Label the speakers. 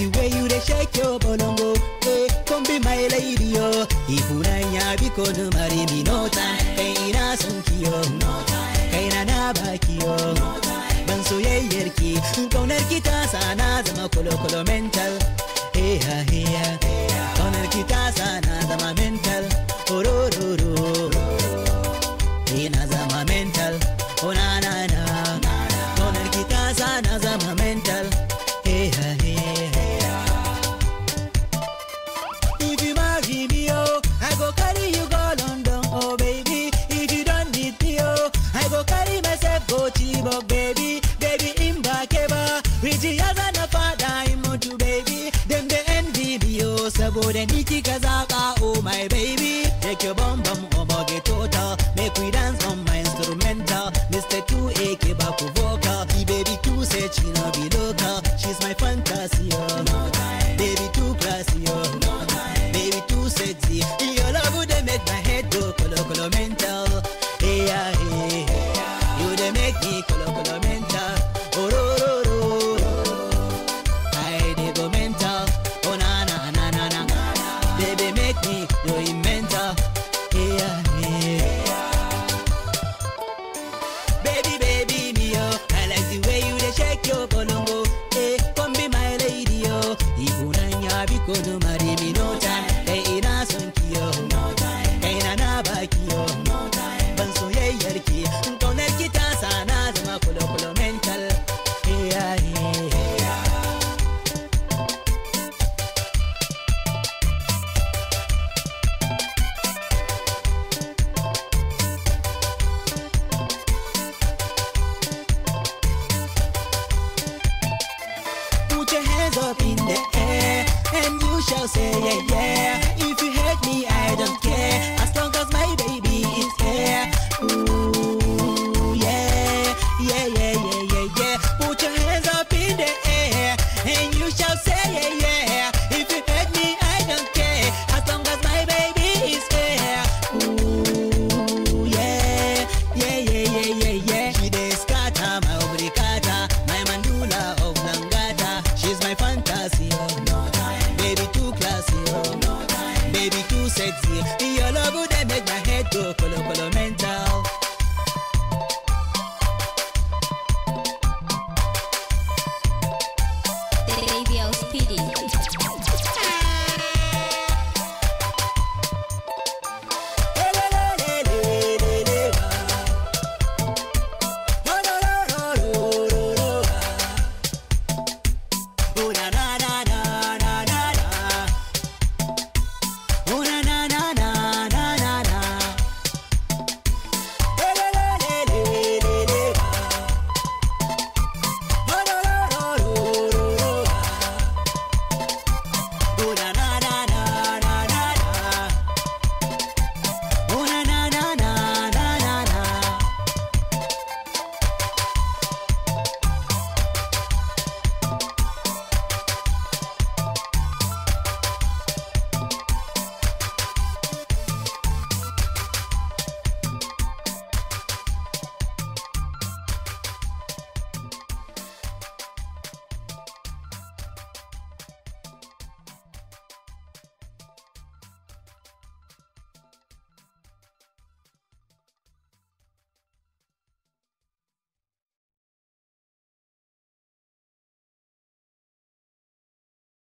Speaker 1: the way you dey shake your bolongo Hey, eh, come be my lady yo ifunanya biko no marry me no time kai na sunki yo no time kai na na yo no time ban soyayyar ki kaunar ki ta sana zama kolo kolo menta Go saboda ni kika zaba oh my baby take your bum bum oboge total make we dance on my instrumental mr 2ak baku vocal the baby 2 say she no be local she's my fantasy oh no time. baby 2 classy oh no time. baby 2 sexy in your love would make my head go colo colo mental hey yeah hey, hey, yeah. you they make me colo baby, make me your hands up in the air, and you shall say yeah yeah. If you hate me, I don't care. As long setting. In your love, would I make my go? Color, color,